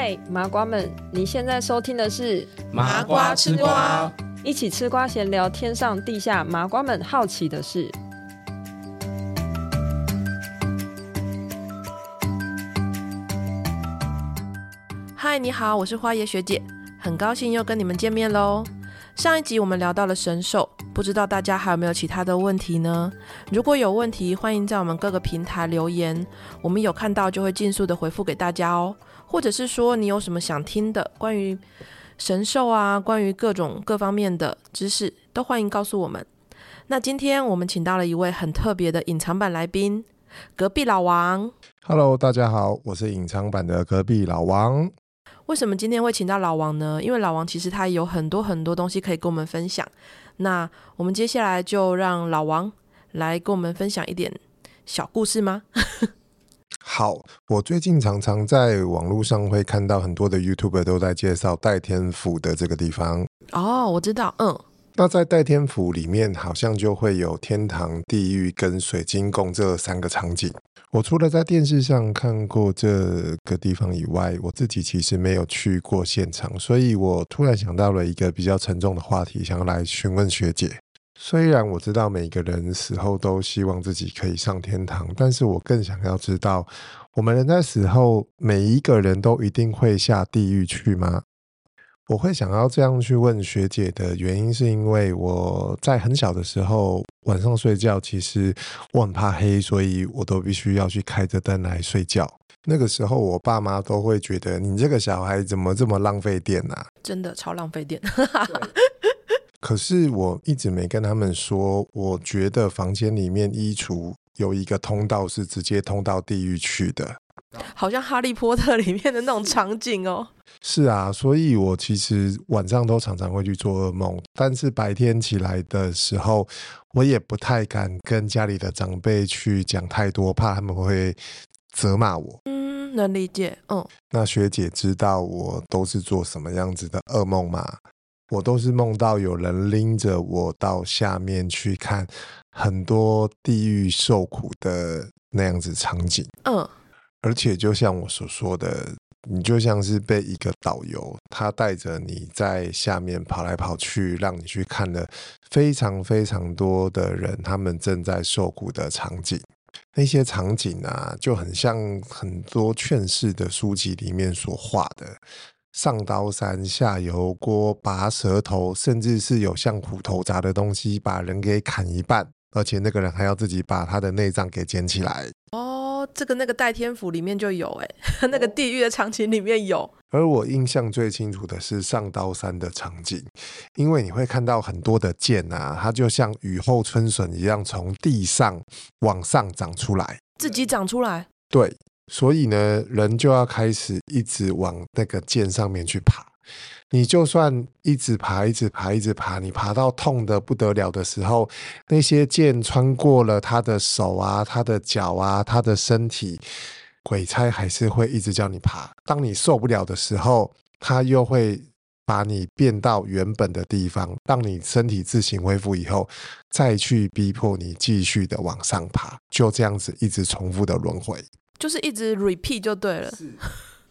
嗨，Hi, 麻瓜們！你現在收聽的是《麻瓜吃瓜》，一起吃瓜閒聊天上地下麻瓜們好奇的事。嗨，你好，我是花椰學姐，很高興又跟你們見面嘍。上一集我們聊到了神獸。不知道大家還有沒有其他的問題呢？如果有問題，歡迎在我們各個平台留言，我們有看到就會盡速的回復給大家喔。或者是說你有什麼想聽的，關於神獸啊，關於各種各方面的知識，都歡迎告訴我們。那今天我們請到了一位很特別的隱藏版來賓，隔壁老王。Hello，大家好，我是隱藏版的隔壁老王。為什麼今天會請到老王呢？因為老王其實他有很多很多東西可以跟我們分享。那我們接下來就讓老王來跟我們分享一點小故事嗎？ 好，我最近常常在網路上會看到很多的 YouTuber 都在介紹戴天府的這個地方。哦，我知道，嗯。那在代天府裡面，好像就會有天堂、地獄跟水晶宮這三個場景。我除了在電視上看過這個地方以外，我自己其實沒有去過現場，所以我突然想到了一個比較沉重的話題，想要來詢問學姐。雖然我知道每個人死後都希望自己可以上天堂，但是我更想要知道，我們人在死後，每一個人都一定會下地獄去嗎？我會想要這樣去問學姐的原因，是因為我在很小的時候晚上睡覺，其實我很怕黑，所以我都必須要去開着燈來睡覺。那個時候，我爸媽都會覺得你這個小孩怎麼這麼浪費電啊？真的超浪費電。可是我一直沒跟他們說，我覺得房間裡面衣櫥有一個通道是直接通到地獄去的。好像哈利波特裡面的那種場景哦。是啊，所以我其實晚上都常常會去做噩夢，但是白天起來的時候，我也不太敢跟家裡的長輩去講太多，怕他們會責罵我。嗯，能理解。嗯，那學姐知道我都是做什麼樣子的噩夢嗎？我都是夢到有人拎着我到下面去看很多地獄受苦的那樣子場景。嗯。而且，就像我所說的，你就像是被一個導遊，他帶着你在下面跑來跑去，讓你去看了非常非常多的人，他們正在受苦的場景。那些場景啊，就很像很多勸世的書籍裡面所畫的：上刀山、下油鍋、拔舌頭，甚至是有像虎頭鍘的東西把人給砍一半，而且那個人還要自己把他的內臟給撿起來。這個那個《代天府》裡面就有，欸，哎，那個地獄的場景裡面有。而我印象最清楚的是上刀山的場景，因為你會看到很多的劍啊，它就像雨後春筍一樣從地上往上長出來，自己長出來。對，所以呢，人就要開始一直往那個劍上面去爬。.你就算一直爬，一直爬，一直爬，你爬到痛得不得了的時候，那些劍穿過了他的手啊，他的腳啊，他的身體，鬼差還是會一直叫你爬。當你受不了的時候，他又會把你變到原本的地方，讓你身體自行恢復以後，再去逼迫你繼續的往上爬。就這樣子一直重複的輪回，就是一直 repeat 就對了，是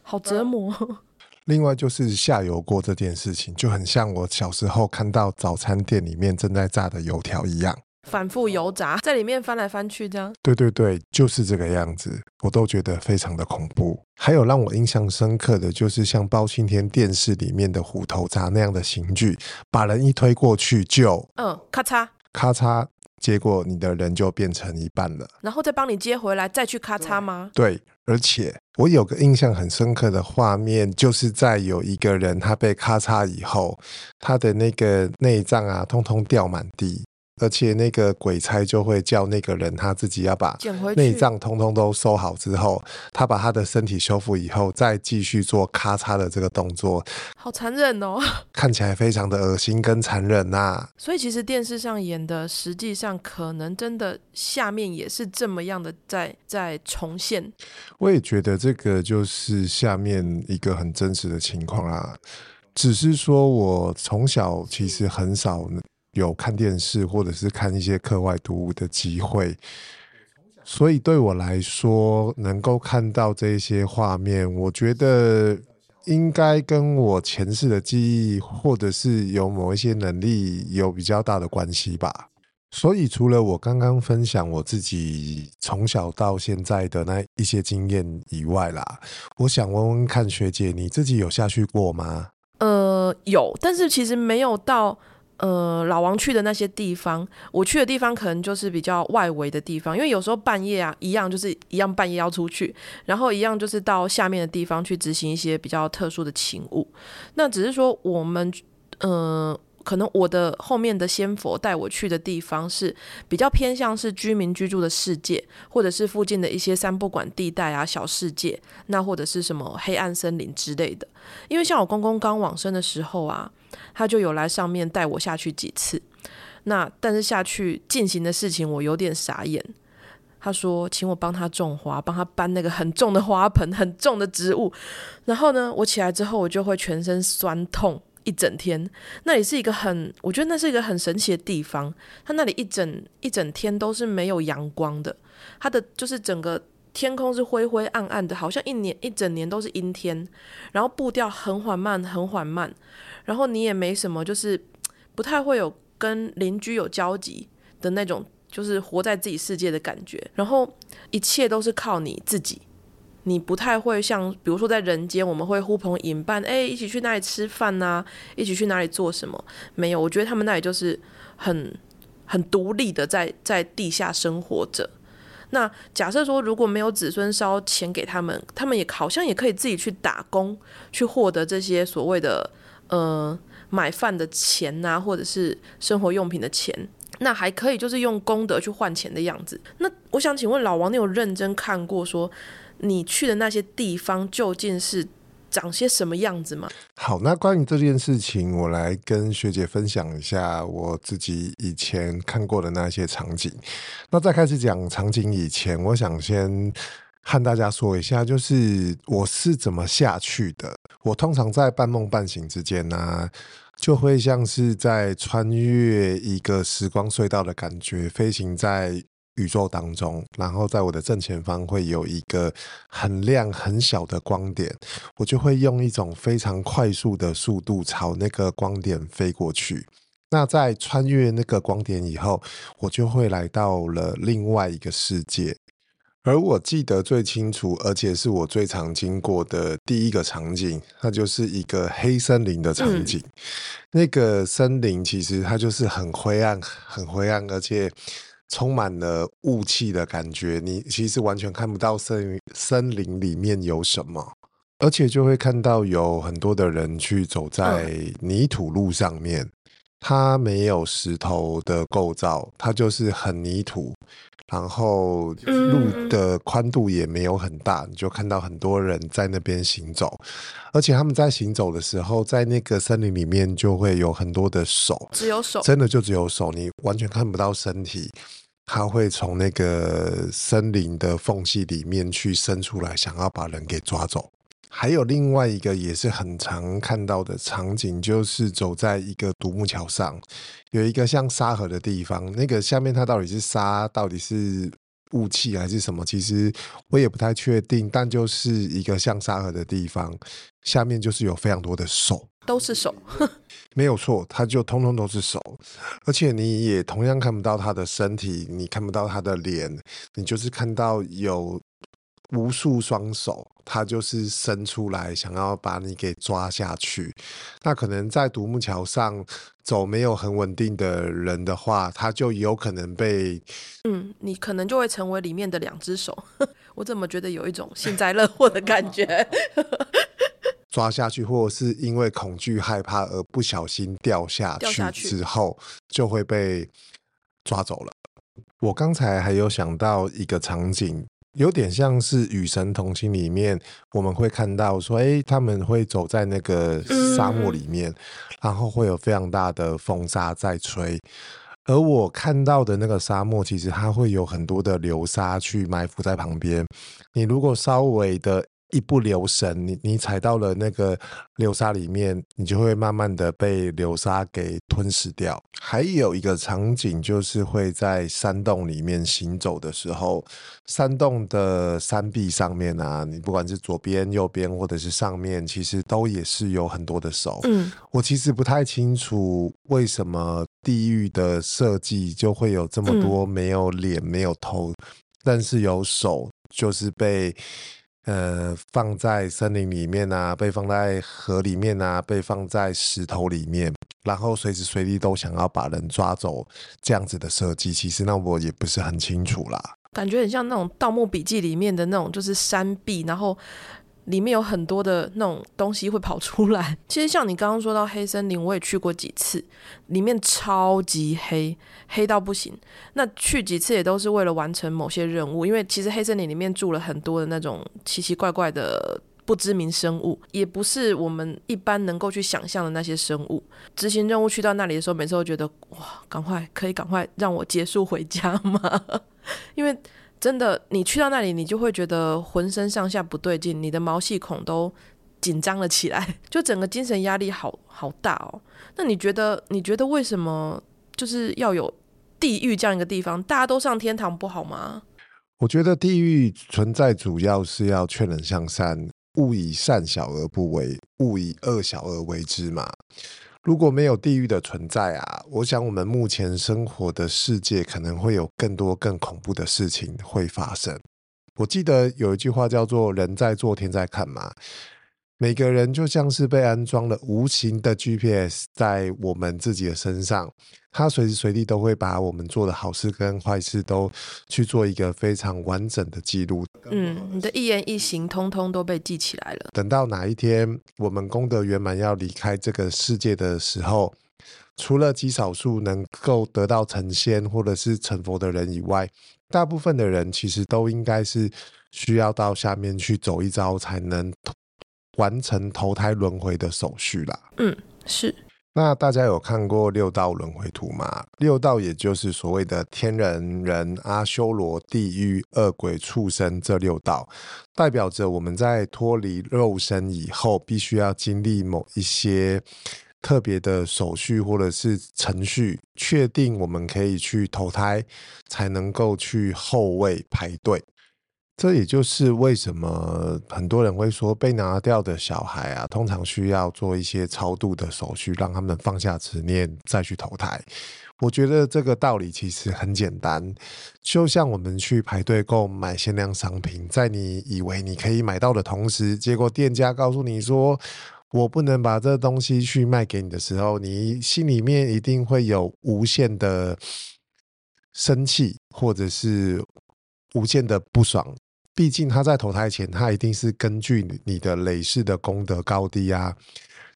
好折磨。 另外就是下油鍋這件事情，就很像我小時候看到早餐店裡面正在炸的油條一樣，反覆油炸，在裡面翻來翻去這樣。對對對，就是這個樣子，我都覺得非常的恐怖。還有讓我印象深刻的就是像包青天電視裡面的虎頭鍘那樣的刑具，把人一推過去就，嗯，咔嚓，咔嚓。結果你的人就變成一半了，然後再幫你接回來，再去咔嚓嗎？對，對，而且我有個印象很深刻的畫面，就是在有一個人他被咔嚓以後，他的那個內臟啊，通通掉滿地。而且那個鬼差就會叫那個人他自己要把內臟通通都收好之後，他把他的身體修復以後，再繼續做咔嚓的這個動作。好殘忍哦！看起來非常的噁心跟殘忍吶。所以其實電視上演的，實際上可能真的下面也是這麼樣的在在重現。我也覺得這個就是下面一個很真實的情況啊，只是說我從小其實很少。有看電視或者是看一些課外讀物的機會，所以對我來說，能夠看到這些畫面，我覺得應該跟我前世的記憶，或者是有某一些能力有比較大的關係吧。所以除了我剛剛分享我自己從小到現在的那一些經驗以外啦，我想問問看學姐，你自己有下去過嗎？呃，有，但是其實沒有到。呃，老王去的那些地方，我去的地方可能就是比較外圍的地方，因為有時候半夜啊，一樣就是一樣半夜要出去，然後一樣就是到下面的地方去執行一些比較特殊的勤務。那只是說我們，呃，可能我的後面的先佛帶我去的地方是比較偏向是居民居住的世界，或者是附近的一些三不管地帶啊、小世界，那或者是什麼黑暗森林之類的。因為像我公公剛往生的時候啊。他就有來上面帶我下去幾次，那但是下去進行的事情我有點傻眼。他說，請我幫他種花，幫他搬那個很重的花盆、很重的植物。然後呢，我起來之後，我就會全身酸痛一整天。那裡是一個很，我覺得那是一個很神奇的地方。他那裡一整一整天都是沒有陽光的，他的就是整個。天空是灰灰暗暗的，好像一年一整年都是陰天，然後步調很緩慢，很緩慢，然後你也沒什麼，就是不太會有跟鄰居有交集的那種，就是活在自己世界的感覺。然後一切都是靠你自己，你不太會像，比如說在人間，我們會呼朋引伴，哎，一起去那裡吃飯啊，一起去哪裡做什麼？沒有，我覺得他們那裡就是很很獨立的在，在在地下生活着。那假設說，如果沒有子孫燒錢給他們，他們也好像也可以自己去打工，去獲得這些所謂的呃買飯的錢啊，或者是生活用品的錢，那還可以就是用功德去換錢的樣子。那我想請問老王，你有認真看過說你去的那些地方究竟是？長些什麼樣子嗎？好，那關於這件事情，我來跟學姐分享一下我自己以前看過的那些場景。那在開始講場景以前，我想先和大家說一下，就是我是怎麼下去的。我通常在半夢半醒之間呢、啊，就會像是在穿越一個時光隧道的感覺，飛行在宇宙當中，然後在我的正前方會有一個很亮很小的光點，我就會用一種非常快速的速度朝那個光點飛過去。那在穿越那個光點以後，我就會來到了另外一個世界。而我記得最清楚，而且是我最常經過的第一個場景，那就是一個黑森林的場景。嗯、那個森林其實它就是很灰暗，很灰暗，而且。充滿了霧氣的感覺，你其實完全看不到森森林裡面有什麼，而且就會看到有很多的人去走在泥土路上面，嗯、它沒有石頭的構造，它就是很泥土。然後路的寬度也沒有很大，嗯嗯、你就看到很多人在那邊行走，而且他們在行走的時候，在那個森林裡面就會有很多的手，只有手，真的就只有手，你完全看不到身體，他會從那個森林的縫隙裡面去伸出來，想要把人給抓走。還有另外一個也是很常看到的場景，就是走在一個獨木橋上，有一個像沙河的地方，那個下面它到底是沙，到底是霧氣還是什麼？其實我也不太確定，但就是一個像沙河的地方，下面就是有非常多的手，都是手， 沒有錯，它就通通都是手，而且你也同樣看不到他的身體，你看不到他的臉，你就是看到有。無數雙手，他就是伸出來，想要把你給抓下去。那可能在獨木橋上走沒有很穩定的人的話，他就有可能被……嗯，你可能就會成為裡面的兩只手。我怎麼覺得有一種幸災樂禍的感覺？抓下去，或是因為恐懼、害怕而不小心掉下去之後，就會被抓走了。我剛才還有想到一個場景。有點像是《與神同行》裡面，我們會看到說，哎、欸，他們會走在那個沙漠裡面，然後會有非常大的風沙在吹。而我看到的那個沙漠，其實它會有很多的流沙去埋伏在旁邊。你如果稍微的，一不留神，你你踩到了那個流沙裡面，你就會慢慢的被流沙給吞噬掉。還有一個場景就是會在山洞裡面行走的時候，山洞的山壁上面啊，你不管是左邊、右邊，或者是上面，其實都也是有很多的手。嗯，我其實不太清楚為什麼地獄的設計就會有這麼多沒有臉、沒有頭，嗯、但是有手，就是被。呃，放在森林裡面啊，被放在河裡面啊，被放在石頭裡面，然後隨時隨地都想要把人抓走，這樣子的設計，其實那我也不是很清楚啦。感覺很像那種《盜墓筆記》裡面的那種，就是山壁，然後。裡面有很多的那種東西會跑出來。其實像你剛剛說到黑森林，我也去過幾次，裡面超級黑，黑到不行。那去幾次也都是為了完成某些任務，因為其實黑森林裡面住了很多的那種奇奇怪怪的不知名生物，也不是我們一般能夠去想象的那些生物。執行任務去到那裡的時候，每次都覺得哇，趕快可以趕快讓我結束回家嗎？因為真的，你去到那裡，你就會覺得渾身上下不對勁，你的毛細孔都緊張了起來，就整個精神壓力好好大哦。那你覺得，你覺得為什麼就是要有地獄這樣一個地方？大家都上天堂不好嗎？我覺得地獄存在主要是要勸人向善，勿以善小而不為，勿以惡小而為之嘛。如果沒有地獄的存在啊，我想我們目前生活的世界可能會有更多更恐怖的事情會發生。我記得有一句話叫做“人在做，天在看”嘛。每個人就像是被安裝了無形的 GPS 在我們自己的身上，他隨時隨地都會把我們做的好事跟壞事都去做一個非常完整的記錄。嗯，你的一言一行通通都被記起來了。等到哪一天我們功德圓滿要離開這個世界的時候，除了極少數能夠得到成仙或者是成佛的人以外，大部分的人其實都應該是需要到下面去走一遭才能。完成投胎輪回的手續啦。嗯，是。那大家有看過六道輪回圖嗎？六道也就是所謂的天人、人、阿修羅、地獄、惡鬼、畜生這六道，代表着我們在脫離肉身以後，必須要經歷某一些特別的手續或者是程序，確定我們可以去投胎，才能夠去候位排隊。這也就是為什麼很多人會說，被拿掉的小孩啊，通常需要做一些超度的手續，讓他們放下執念再去投胎。我覺得這個道理其實很簡單，就像我們去排隊購買限量商品，在你以為你可以買到的同時，結果店家告訴你說，我不能把這東西去賣給你的時候，你心裡面一定會有無限的生氣，或者是無限的不爽。畢竟他在投胎前，他一定是根據你的累世的功德高低啊，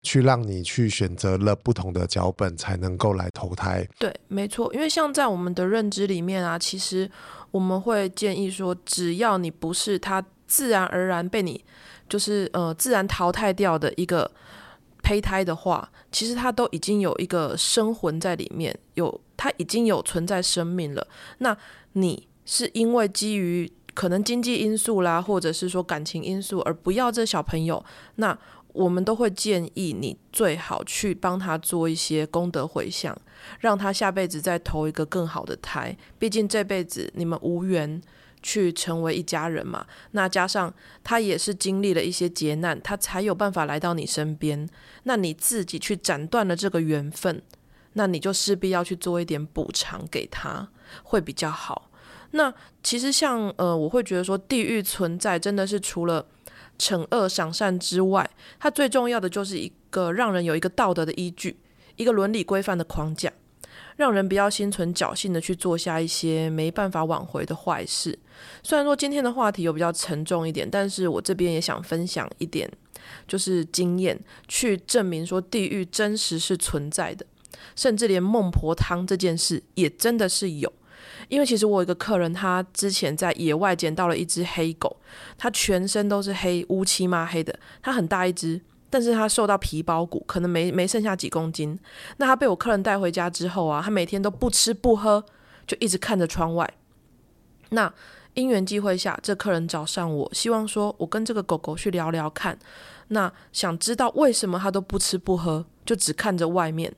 去讓你去選擇了不同的腳本，才能夠來投胎。對，沒錯。因為像在我們的認知裡面啊，其實我們會建議說，只要你不是他自然而然被你就是呃自然淘汰掉的一個胚胎的話，其實他都已經有一個生魂在裡面，有他已經有存在生命了。那你是因為基於。可能經濟因素啦，或者是說感情因素，而不要這小朋友，那我們都會建議你最好去幫他做一些功德回向，讓他下輩子再投一個更好的胎。畢竟這輩子你們無緣去成為一家人嘛，那加上他也是經歷了一些劫難，他才有辦法來到你身邊。那你自己去斬斷了這個緣分，那你就勢必要去做一點補償給他，會比較好。那其實像呃，我會覺得說，地獄存在真的是除了懲惡賞善之外，它最重要的就是一個讓人有一個道德的依據，一個倫理規範的框架，讓人不要心存僥倖的去做下一些沒辦法挽回的壞事。雖然說今天的話題有比較沉重一點，但是我這邊也想分享一點，就是經驗去證明說，地獄真實是存在的，甚至連孟婆湯這件事也真的是有。因為其實我有一個客人，他之前在野外撿到了一隻黑狗，他全身都是黑，烏漆嘛黑的，他很大一隻，但是他瘦到皮包骨，可能沒沒剩下幾公斤。那他被我客人帶回家之後啊，他每天都不吃不喝，就一直看着窗外。那因緣際會下，這客人找上我，希望說我跟這個狗狗去聊聊看，那想知道為什麼他都不吃不喝，就只看着外面。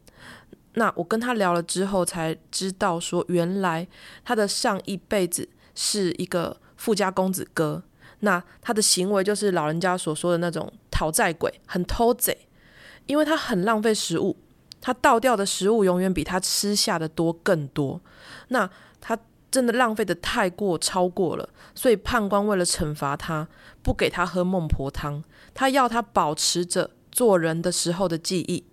那我跟他聊了之後，才知道說，原來他的上一輩子是一個富家公子哥。那他的行為就是老人家所說的那種討債鬼，很偷賊，因為他很浪費食物，他倒掉的食物永遠比他吃下的多更多。那他真的浪費得太過超過了，所以判官為了懲罰他，不給他喝孟婆湯，他要他保持着做人的時候的記憶。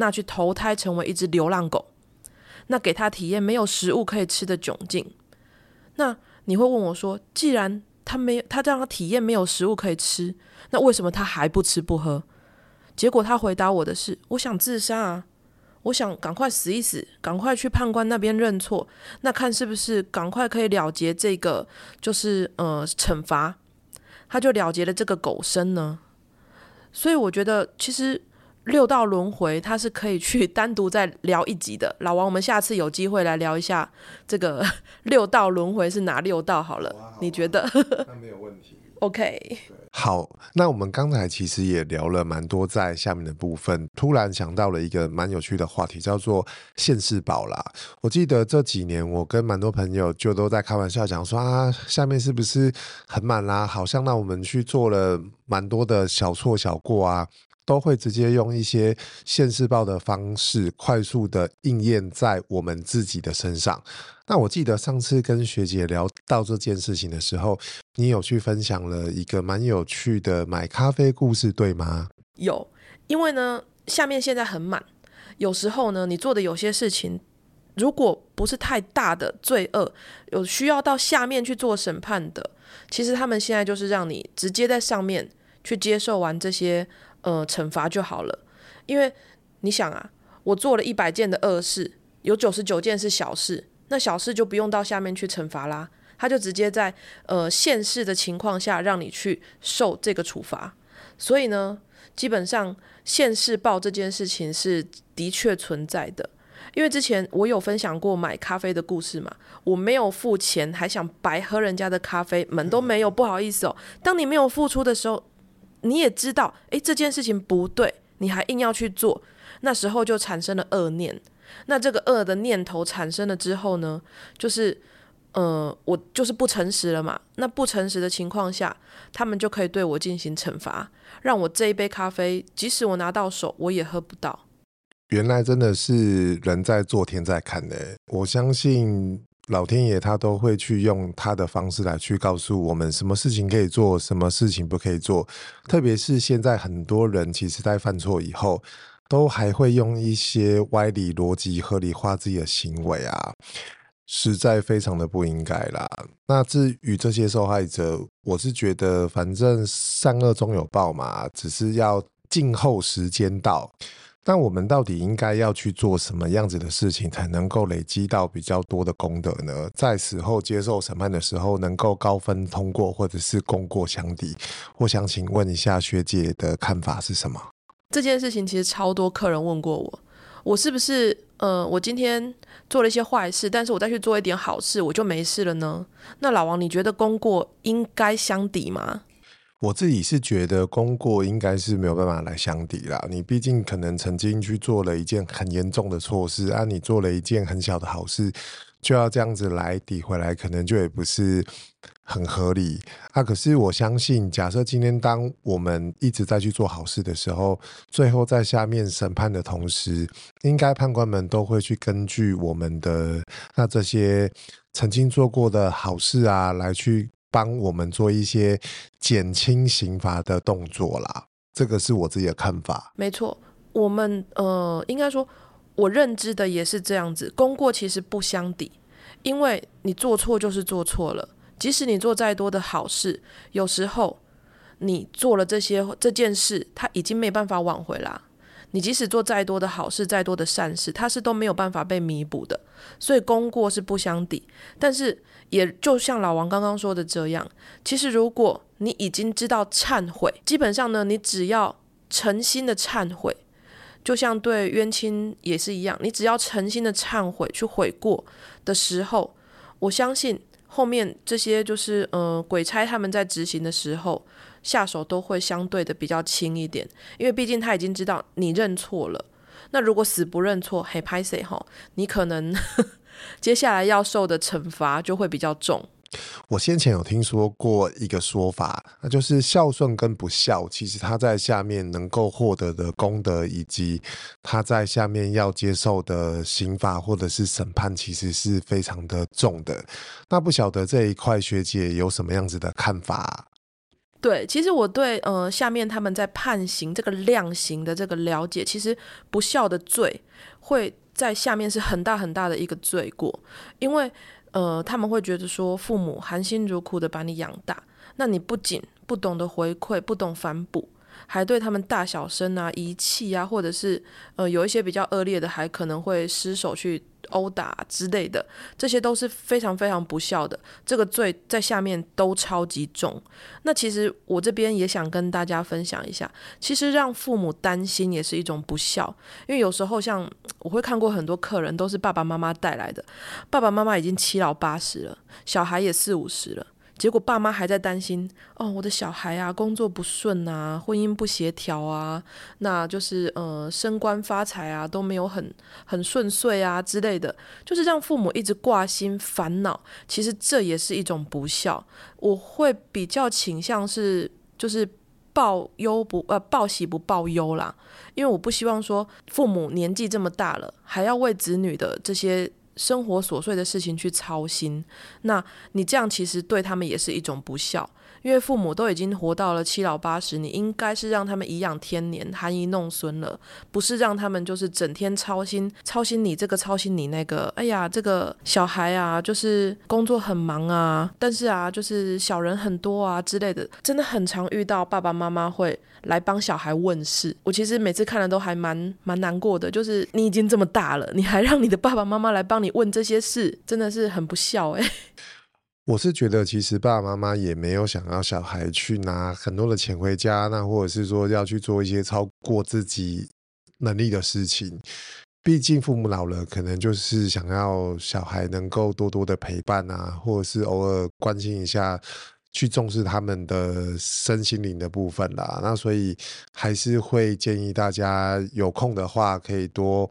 那去投胎成為一隻流浪狗，那給他體驗沒有食物可以吃的窘境。那你會問我說：“既然他沒有，他讓他體驗沒有食物可以吃，那為什麼他還不吃不喝？”結果他回答我的是：“我想自殺啊，我想趕快死一死，趕快去判官那邊認錯，那看是不是趕快可以了結這個，就是呃懲罰。”他就了結了這個狗生呢。所以我覺得其實。六道輪迴，它是可以去單獨再聊一集的。老王，我們下次有機會來聊一下這個六道輪迴是哪六道？好了，你覺得、啊？啊、那沒有問題。OK。對好，那我們剛才其實也聊了蠻多，在下面的部分，突然想到了一個蠻有趣的話題，叫做現世報啦。我記得這幾年我跟蠻多朋友就都在開玩笑講說啊，下面是不是很滿啦、啊？好像讓我們去做了蠻多的小錯小過啊。都會直接用一些現世報的方式，快速的應驗在我們自己的身上。那我記得上次跟學姐聊到這件事情的時候，你有去分享了一個蠻有趣的買咖啡故事，對嗎？有，因為呢，下面現在很滿，有時候呢，你做的有些事情，如果不是太大的罪惡，有需要到下面去做審判的，其實他們現在就是讓你直接在上面去接受完這些。呃，懲罰就好了，因為你想啊，我做了一百件的惡事，有九十九件是小事，那小事就不用到下面去懲罰啦，他就直接在呃現世的情況下讓你去受這個處罰。所以呢，基本上現世報這件事情是的確存在的。因為之前我有分享過買咖啡的故事嘛，我沒有付錢還想白喝人家的咖啡，門都沒有，不好意思哦、喔。當你沒有付出的時候。你也知道，誒，這件事情不對，你還硬要去做，那時候就產生了惡念。那這個惡的念頭產生了之後呢，就是，呃，我就是不誠實了嘛。那不誠實的情況下，他們就可以對我進行懲罰，讓我這一杯咖啡，即使我拿到手，我也喝不到。原來真的是人在做，天在看的。我相信。老天爺他都會去用他的方式來去告訴我們什麼事情可以做，什麼事情不可以做。特別是現在很多人其實，在犯錯以後，都還會用一些歪理邏輯合理化自己的行為啊，實在非常的不應該啦。那至於這些受害者，我是覺得反正善惡終有報嘛，只是要靜候時間到。那我們到底應該要去做什麼樣子的事情，才能夠累積到比較多的功德呢？在死後接受審判的時候，能夠高分通過，或者是功過相抵？我想請問一下學姐的看法是什麼？這件事情其實超多客人問過我，我是不是，呃，我今天做了一些壞事，但是我再去做一點好事，我就沒事了呢？那老王，你覺得功過應該相抵嗎？我自己是覺得功過應該是沒有辦法來相抵了。你畢竟可能曾經去做了一件很嚴重的錯事啊，你做了一件很小的好事，就要這樣子來抵回來，可能就也不是很合理啊。可是我相信，假設今天當我們一直在去做好事的時候，最後在下面審判的同時，應該判官們都會去根據我們的那這些曾經做過的好事啊來去。幫我們做一些減輕刑罰的動作啦，這個是我自己的看法。沒錯，我們呃，應該說，我認知的也是這樣子，功過其實不相抵，因為你做錯就是做錯了，即使你做再多的好事，有時候你做了這些這件事，它已經沒辦法挽回啦。你即使做再多的好事，再多的善事，它是都沒有辦法被彌補的，所以功過是不相抵。但是。也就像老王剛剛說的這樣，其實如果你已經知道懺悔，基本上呢，你只要誠心的懺悔，就像對冤親也是一樣，你只要誠心的懺悔去悔過的時候，我相信後面這些就是，嗯、呃，鬼差他們在執行的時候下手都會相對的比較輕一點，因為畢竟他已經知道你認錯了。那如果死不認錯，嘿，拍誰吼？你可能。 接下來要受的懲罰就會比較重。我先前有聽說過一個說法，那就是孝順跟不孝，其實他在下面能夠獲得的功德，以及他在下面要接受的刑法或者是審判，其實是非常的重的。那不曉得這一塊學姐有什麼樣子的看法啊？對，其實我對呃下面他們在判刑這個量刑的這個了解，其實不孝的罪會在下面是很大很大的一個罪過，因為，呃，他們會覺得說，父母含辛茹苦的把你養大，那你不僅不懂得回饋，不懂反哺。還對他們大小聲啊、遺棄啊，或者是呃有一些比較惡劣的，還可能會失手去毆打之類的，這些都是非常非常不孝的。這個罪在下面都超級重。那其實我這邊也想跟大家分享一下，其實讓父母擔心也是一種不孝，因為有時候像我會看過很多客人，都是爸爸媽媽帶來的，爸爸媽媽已經七老八十了，小孩也四五十了。結果爸媽還在擔心哦，我的小孩啊，工作不順啊，婚姻不協調啊，那就是呃，升官發財啊，都沒有很很順遂啊之類的，就是讓父母一直掛心煩惱。其實這也是一種不孝。我會比較傾向是就是報憂不，呃，報喜不報憂啦，因為我不希望說父母年紀這麼大了，還要為子女的這些。生活瑣碎的事情去操心，那你這樣其實對他們也是一種不孝，因為父母都已經活到了七老八十，你應該是讓他們頤養天年、含飴弄孫了，不是讓他們就是整天操心、操心你這個、操心你那個。哎呀，這個小孩啊，就是工作很忙啊，但是啊，就是小人很多啊之類的，真的很常遇到爸爸媽媽會。來幫小孩問事，我其實每次看了都還蠻蠻難過的。就是你已經這麼大了，你還讓你的爸爸媽媽來幫你問這些事，真的是很不孝哎、欸。我是覺得，其實爸爸媽媽也沒有想要小孩去拿很多的錢回家，那或者是說要去做一些超過自己能力的事情。畢竟父母老了，可能就是想要小孩能夠多多的陪伴啊，或者是偶爾關心一下。去重視他們的身心靈的部分啦。那所以還是會建議大家有空的話，可以多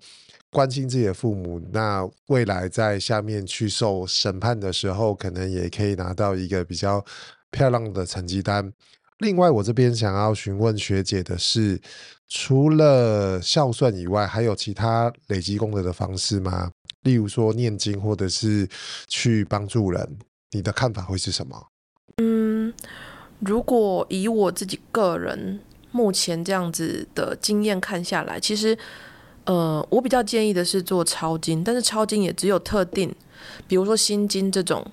關心自己的父母。那未來在下面去受審判的時候，可能也可以拿到一個比較漂亮的成績單。另外，我這邊想要詢問學姐的是，除了孝順以外，還有其他累積功德的方式嗎？例如說念經，或者是去幫助人，你的看法會是什麼？嗯，如果以我自己個人目前這樣子的經驗看下來，其實，呃，我比較建議的是做抄經，但是抄經也只有特定，比如說心經這種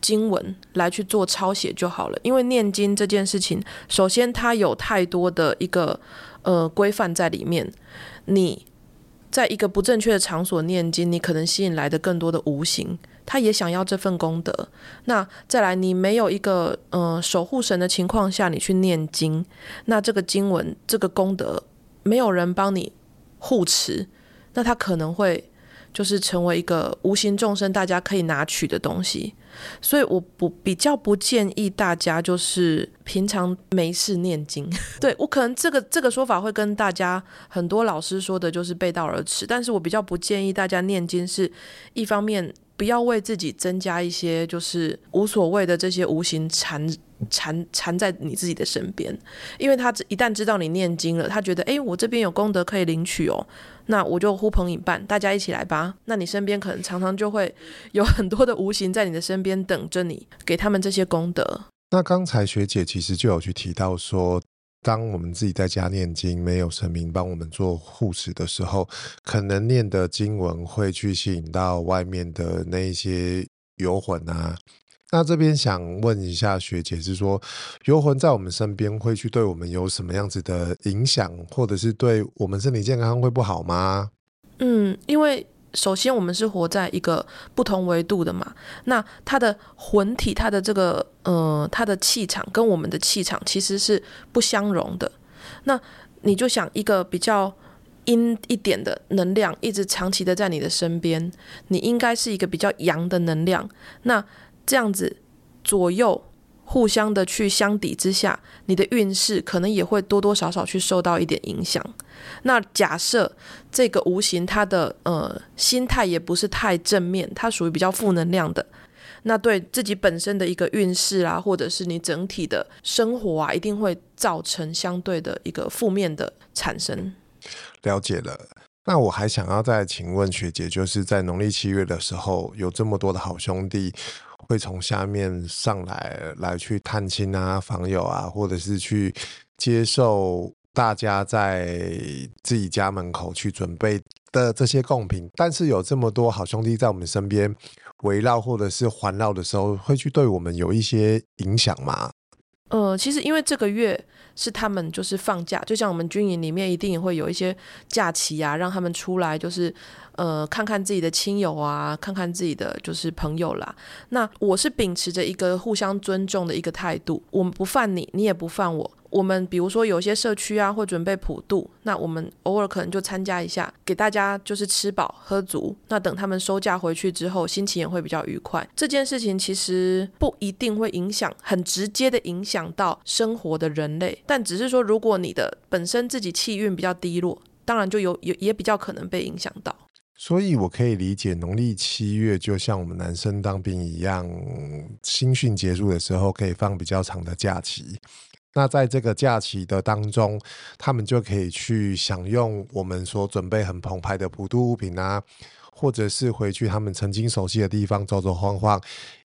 經文來去做抄寫就好了。因為念經這件事情，首先它有太多的一個呃規範在裡面，你在一個不正確的場所念經，你可能吸引來的更多的無形。他也想要這份功德。那再來，你沒有一個嗯、呃、守護神的情況下，你去念經，那這個經文、這個功德，沒有人幫你護持，那他可能會就是成為一個無形眾生大家可以拿取的東西。所以我不比較不建議大家就是平常沒事念經。 對，我可能這個這個說法會跟大家很多老師說的就是背道而馳，但是我比較不建議大家念經，是一方面。不要為自己增加一些就是無所謂的這些無形纏纏纏在你自己的身邊，因為他一旦知道你念經了，他覺得哎，我這邊有功德可以領取哦，那我就呼朋引伴，大家一起來吧。那你身邊可能常常就會有很多的無形在你的身邊等着你，給他們這些功德。那剛才學姐其實就有去提到說，當我們自己在家念經，沒有神明幫我們做護持的時候，可能念的經文會去吸引到外面的那一些遊魂啊。那這邊想問一下學姐，是說遊魂在我們身邊會去對我們有什麼樣子的影響，或者是對我們身體健康會不好嗎？嗯，因為。首先，我們是活在一個不同維度的嘛。那他的魂體、他的這個呃、他的氣場跟我們的氣場其實是不相容的。那你就想一個比較陰一點的能量，一直長期的在你的身邊，你應該是一個比較陽的能量。那這樣子左右互相的去相抵之下，你的運勢可能也會多多少少去受到一點影響。那假設這個無形它，他的呃心態也不是太正面，它屬於比較負能量的，那對自己本身的一個運勢啊，或者是你整體的生活啊，一定會造成相對的一個負面的產生。了解了。那我還想要再請問學姐，就是在農曆七月的時候，有這麼多的好兄弟會從下面上來，來去探親啊、訪友啊，或者是去接受。大家在自己家門口去準備的這些貢品，但是有這麼多好兄弟在我們身邊圍繞或者是環繞的時候，會去對我們有一些影響嗎？呃，其實因為這個月是他們就是放假，就像我們軍營裡面一定會有一些假期啊，讓他們出來就是呃看看自己的親友啊，看看自己的就是朋友啦。那我是秉持着一個互相尊重的一個態度，我們不犯你，你也不犯我。我們比如說有些社區啊會準備普渡，那我們偶爾可能就參加一下，給大家就是吃飽喝足。那等他們收假回去之後，心情也會比較愉快。這件事情其實不一定會影響，很直接的影響到生活的人類。但只是說，如果你的本身自己氣運比較低落，當然就有也也比較可能被影響到。所以，我可以理解，農曆七月就像我們男生當兵一樣，新訓結束的時候可以放比較長的假期。那在這個假期的當中，他們就可以去享用我們所準備很澎湃的普渡物品啊，或者是回去他們曾經熟悉的地方走走晃晃，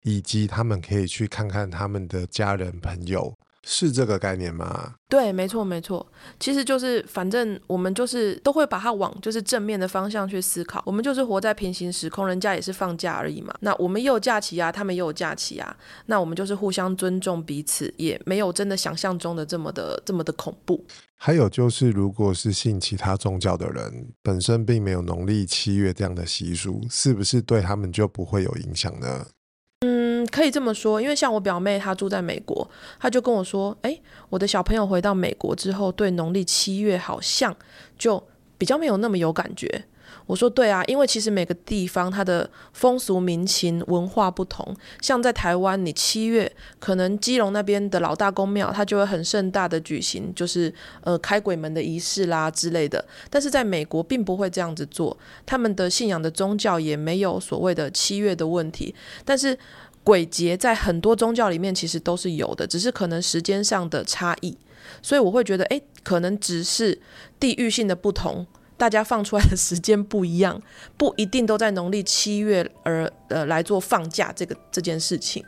以及他們可以去看看他們的家人朋友。是這個概念嗎？對，沒錯，沒錯。其實就是，反正我們就是都會把它往就是正面的方向去思考。我們就是活在平行時空，人家也是放假而已嘛。那我們也有假期啊，他們也有假期啊。那我們就是互相尊重彼此，也沒有真的想象中的這麼的這麼的恐怖。還有就是，如果是信其他宗教的人，本身並沒有農曆七月這樣的習俗，是不是對他們就不會有影響呢？可以這麼說，因為像我表妹，她住在美國，她就跟我說：“哎、欸，我的小朋友回到美國之後，對農曆七月好像就比較沒有那麼有感覺。”我說：“對啊，因為其實每個地方它的風俗民情文化不同，像在台灣，你七月可能基隆那邊的老大公廟，它就會很盛大的舉行，就是呃開鬼門的儀式啦之類的。但是在美國，並不會這樣子做，他們的信仰的宗教也沒有所謂的七月的問題，但是。”鬼節在很多宗教裡面其實都是有的，只是可能時間上的差異，所以我會覺得，哎、欸，可能只是地域性的不同，大家放出來的時間不一樣，不一定都在農曆七月而，而呃來做放假這個這件事情。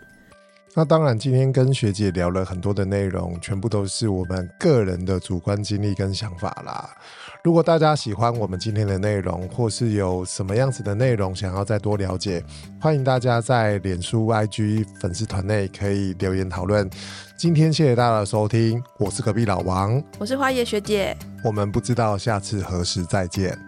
那當然，今天跟學姐聊了很多的內容，全部都是我們個人的主觀經歷跟想法啦。如果大家喜歡我們今天的內容，或是有什麼樣子的內容想要再多了解，歡迎大家在臉書、IG 粉絲團內可以留言討論。今天謝謝大家的收聽，我是隔壁老王，我是花椰學姊，我們不知道下次何時再見。